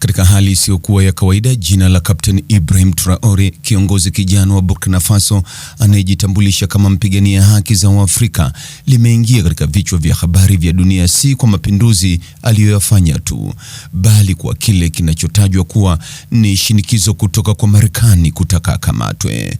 к Katika hali isiyokuwa ya kawaida, jina la Kapteni Ibrahim Traore, kiongozi kijana wa Burkina Faso anayejitambulisha kama mpigania haki za Waafrika, limeingia katika vichwa vya habari vya dunia, si kwa mapinduzi aliyoyafanya tu, bali kwa kile kinachotajwa kuwa ni shinikizo kutoka kwa Marekani kutaka akamatwe.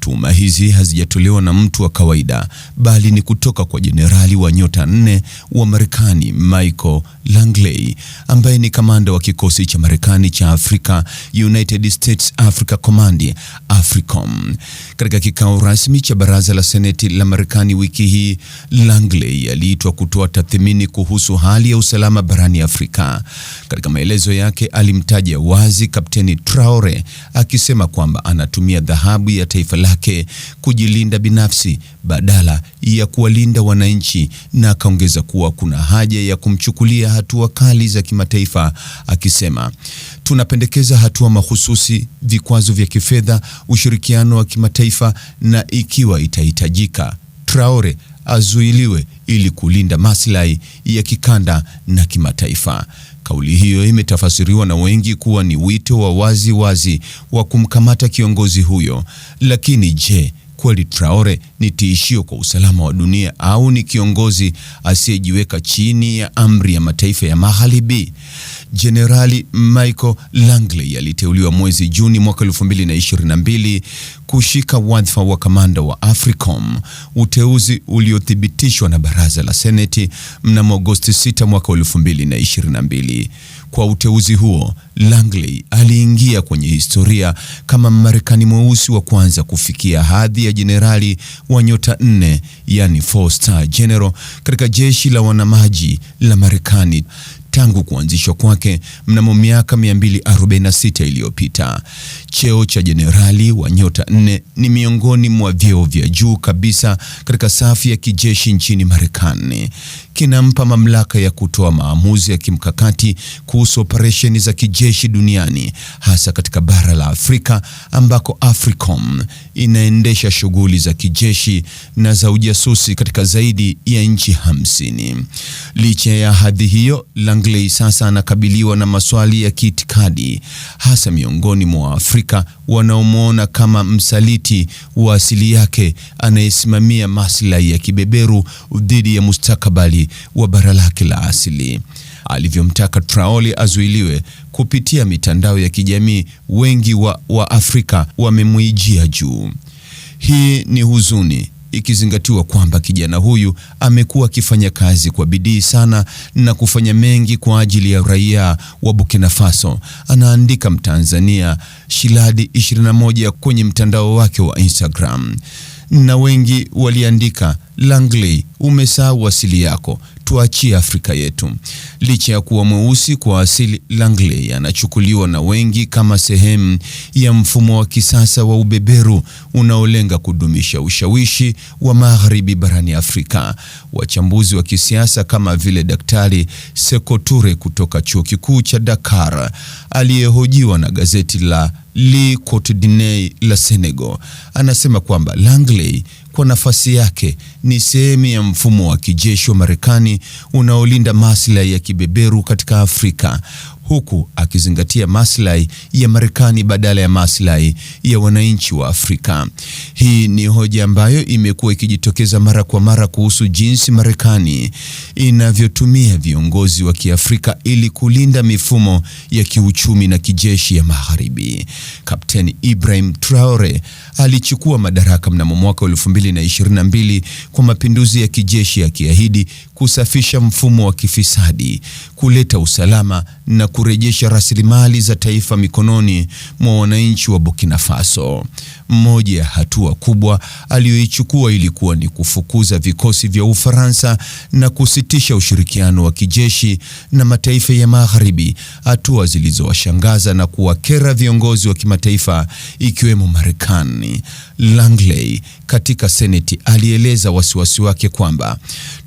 Tuhuma hizi hazijatolewa na mtu wa kawaida, bali ni kutoka kwa jenerali wa nyota nne wa Marekani Michael Langley, ambaye ni kamanda wa kikosi cha Marekani Marekani cha Afrika, United States Africa Command, AFRICOM. Katika kikao rasmi cha baraza la seneti la Marekani wiki hii, Langley aliitwa kutoa tathmini kuhusu hali ya usalama barani Afrika. Katika maelezo yake alimtaja wazi Kapteni Traore akisema kwamba anatumia dhahabu ya taifa lake kujilinda binafsi badala ya kuwalinda wananchi, na akaongeza kuwa kuna haja ya kumchukulia hatua kali za kimataifa akisema Tunapendekeza hatua mahususi, vikwazo vya kifedha, ushirikiano wa kimataifa na ikiwa itahitajika, Traore azuiliwe ili kulinda maslahi ya kikanda na kimataifa. Kauli hiyo imetafasiriwa na wengi kuwa ni wito wa wazi wazi wa kumkamata kiongozi huyo. Lakini je, kweli Traore ni tishio kwa usalama wa dunia au ni kiongozi asiyejiweka chini ya amri ya mataifa ya Magharibi? Jenerali Michael Langley aliteuliwa mwezi Juni mwaka 2022 kushika wadhifa wa kamanda wa AFRICOM, uteuzi uliothibitishwa na baraza la Seneti mnamo Agosti 6 mwaka 2022. Kwa uteuzi huo, Langley aliingia kwenye historia kama Mmarekani mweusi wa kwanza kufikia hadhi ya jenerali wa nyota nne, yani four star general katika jeshi la wanamaji la Marekani tangu kuanzishwa kwake mnamo miaka 246 iliyopita. Cheo cha jenerali wa nyota nne ni miongoni mwa vyeo vya juu kabisa katika safu ya kijeshi nchini Marekani. Kinampa mamlaka ya kutoa maamuzi ya kimkakati kuhusu operesheni za kijeshi duniani, hasa katika bara la Afrika ambako AFRICOM inaendesha shughuli za kijeshi na za ujasusi katika zaidi ya nchi hamsini. Licha ya hadhi hiyo, Langley sasa anakabiliwa na maswali ya kiitikadi, hasa miongoni mwa Waafrika wanaomwona kama msaliti wa asili yake anayesimamia maslahi ya kibeberu dhidi ya mustakabali wa bara lake la asili. Alivyomtaka Traoli azuiliwe kupitia mitandao ya kijamii, wengi wa Waafrika wamemwijia juu. Hii ni huzuni ikizingatiwa kwamba kijana huyu amekuwa akifanya kazi kwa bidii sana na kufanya mengi kwa ajili ya raia wa Burkina Faso, anaandika Mtanzania Shiladi 21 kwenye mtandao wake wa Instagram, na wengi waliandika Langley, umesahau asili yako tuachie Afrika yetu. Licha ya kuwa mweusi kwa asili, Langley anachukuliwa na wengi kama sehemu ya mfumo wa kisasa wa ubeberu unaolenga kudumisha ushawishi wa Magharibi barani Afrika. Wachambuzi wa kisiasa kama vile Daktari sekoture kutoka Chuo Kikuu cha Dakar aliyehojiwa na gazeti la Le Quotidien la Senegal anasema kwamba Langley kwa nafasi yake ni sehemu ya mfumo wa kijeshi wa Marekani unaolinda maslahi ya kibeberu katika Afrika huku akizingatia maslahi ya Marekani badala ya maslahi ya wananchi wa Afrika. Hii ni hoja ambayo imekuwa ikijitokeza mara kwa mara kuhusu jinsi Marekani inavyotumia viongozi wa Kiafrika ili kulinda mifumo ya kiuchumi na kijeshi ya Magharibi. Kapteni Ibrahim Traore alichukua madaraka mnamo mwaka 2022 kwa mapinduzi ya kijeshi akiahidi kusafisha mfumo wa kifisadi, kuleta usalama na kurejesha rasilimali za taifa mikononi mwa wananchi wa Burkina Faso. Mmoja ya hatua kubwa aliyoichukua ilikuwa ni kufukuza vikosi vya Ufaransa na kusitisha ushirikiano wa kijeshi na mataifa ya Magharibi, hatua zilizowashangaza na kuwakera viongozi wa kimataifa ikiwemo Marekani. Langley katika Seneti alieleza wasiwasi wake kwamba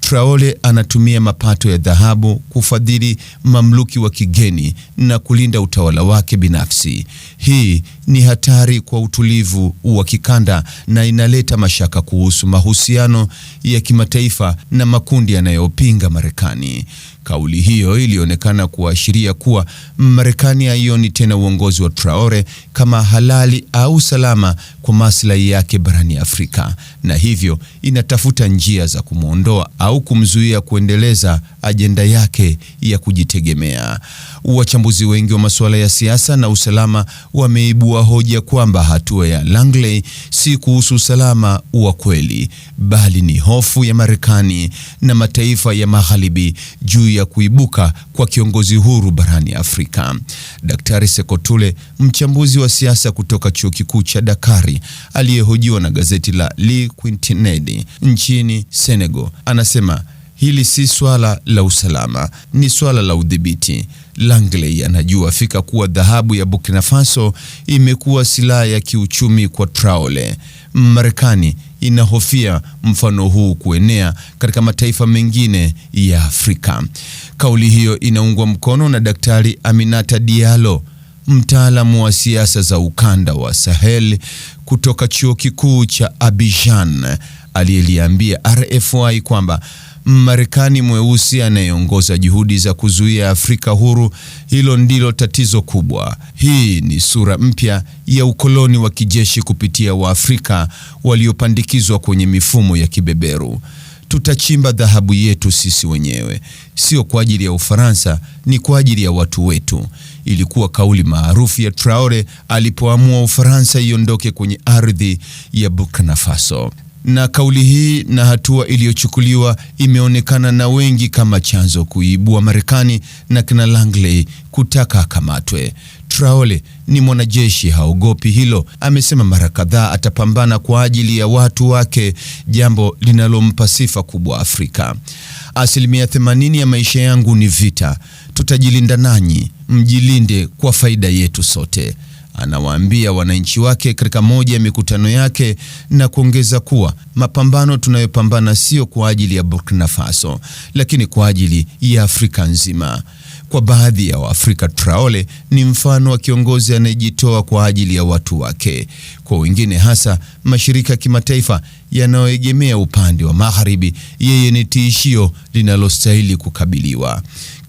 Traore anatumia mapato ya dhahabu kufadhili mamluki wa kigeni na kulinda utawala wake binafsi. Hii ni hatari kwa utulivu wa kikanda na inaleta mashaka kuhusu mahusiano ya kimataifa na makundi yanayopinga Marekani. Kauli hiyo ilionekana kuashiria kuwa Marekani haioni tena uongozi wa Traore kama halali au salama kwa maslahi yake barani Afrika, na hivyo inatafuta njia za kumwondoa au au kumzuia kuendeleza ajenda yake ya kujitegemea. Wachambuzi wengi wa masuala ya siasa na usalama wameibua hoja kwamba hatua ya Langley si kuhusu usalama wa kweli, bali ni hofu ya Marekani na mataifa ya Magharibi juu ya kuibuka kwa kiongozi huru barani Afrika. Daktari Sekotule, mchambuzi wa siasa kutoka Chuo Kikuu cha Dakari, aliyehojiwa na gazeti la Le Quintinedi nchini Senegal, anasema hili si swala la usalama, ni swala la udhibiti. Langley anajua fika kuwa dhahabu ya Burkina Faso imekuwa silaha ya kiuchumi kwa Traore. Marekani inahofia mfano huu kuenea katika mataifa mengine ya Afrika. Kauli hiyo inaungwa mkono na Daktari Aminata Diallo, mtaalamu wa siasa za ukanda wa Sahel kutoka Chuo Kikuu cha Abidjan, aliyeliambia RFI kwamba Marekani mweusi anayeongoza juhudi za kuzuia Afrika huru. Hilo ndilo tatizo kubwa. Hii ni sura mpya ya ukoloni wa kijeshi kupitia Waafrika waliopandikizwa kwenye mifumo ya kibeberu. Tutachimba dhahabu yetu sisi wenyewe, sio kwa ajili ya Ufaransa, ni kwa ajili ya watu wetu. Ilikuwa kauli maarufu ya Traore alipoamua Ufaransa iondoke kwenye ardhi ya Burkina Faso na kauli hii na hatua iliyochukuliwa imeonekana na wengi kama chanzo kuibua Marekani na kina Langley kutaka akamatwe. Traore ni mwanajeshi, haogopi hilo. Amesema mara kadhaa atapambana kwa ajili ya watu wake, jambo linalompa sifa kubwa Afrika. Asilimia 80 ya maisha yangu ni vita, tutajilinda nanyi, mjilinde kwa faida yetu sote anawaambia wananchi wake katika moja ya mikutano yake na kuongeza kuwa mapambano tunayopambana sio kwa ajili ya Burkina Faso, lakini kwa ajili ya Afrika nzima. Kwa baadhi ya Waafrika, Traore ni mfano wa kiongozi anayejitoa kwa ajili ya watu wake. Kwa wengine, hasa mashirika ya kimataifa yanayoegemea upande wa magharibi, yeye ni tishio linalostahili kukabiliwa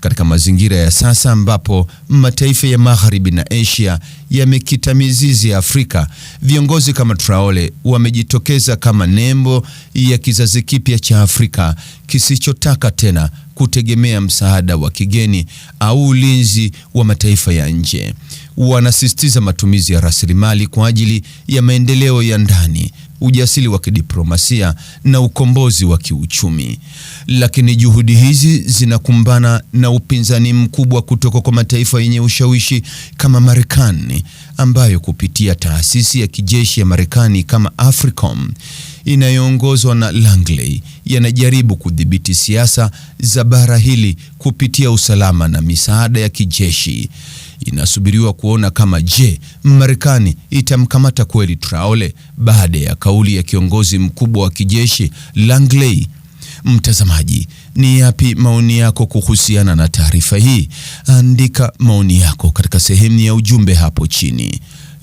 katika mazingira ya sasa ambapo mataifa ya Magharibi na Asia yamekita mizizi ya Afrika, viongozi kama Traore wamejitokeza kama nembo ya kizazi kipya cha Afrika kisichotaka tena kutegemea msaada wa kigeni au ulinzi wa mataifa ya nje wanasisitiza matumizi ya rasilimali kwa ajili ya maendeleo ya ndani, ujasiri wa kidiplomasia na ukombozi wa kiuchumi. Lakini juhudi hizi zinakumbana na upinzani mkubwa kutoka kwa mataifa yenye ushawishi kama Marekani, ambayo kupitia taasisi ya kijeshi ya Marekani kama AFRICOM inayoongozwa na Langley yanajaribu kudhibiti siasa za bara hili kupitia usalama na misaada ya kijeshi inasubiriwa kuona kama je, Marekani itamkamata kweli Traore baada ya kauli ya kiongozi mkubwa wa kijeshi Langley. Mtazamaji, ni yapi maoni yako kuhusiana na taarifa hii? Andika maoni yako katika sehemu ya ujumbe hapo chini